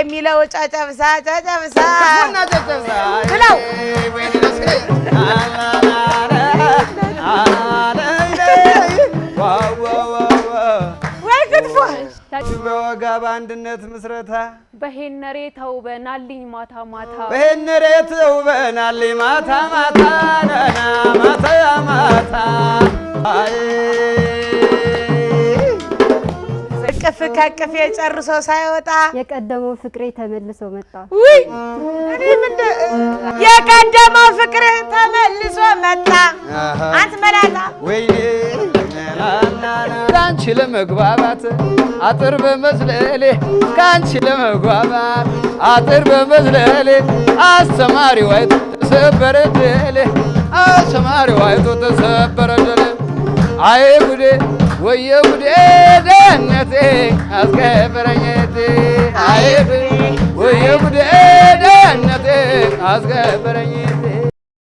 የሚለው ጨጨብሳ ጨጨብሳ ብለው በወጋ በአንድነት ምስረታ በሄነሬ ተውበናልኝ ማታ ማታ በሄነሬ ተውበናልኝ ማታ ማታ ማታ ማታ ከቅፌ ጨርሶ ሳይወጣ የቀደመው ፍቅሬ ተመልሶ መጣ። ውይ የቀደመው ፍቅሬ ተመልሶ መጣ። አንተ መላጣ ወይኔ ከአንቺ ለመግባባት አጥር በመዝለሌ ከአንቺ ለመግባባት አጥር በመዝለሌ አስተማሪው አይቶ ተሰበረ ደሌ አስተማሪው አይቶ ተሰበረ ደሌ አይ ጉዴ ወየ ጉዴ ደህነቴ አስከብረኝት አይብ ወይ ደህንነት አስከብረኝ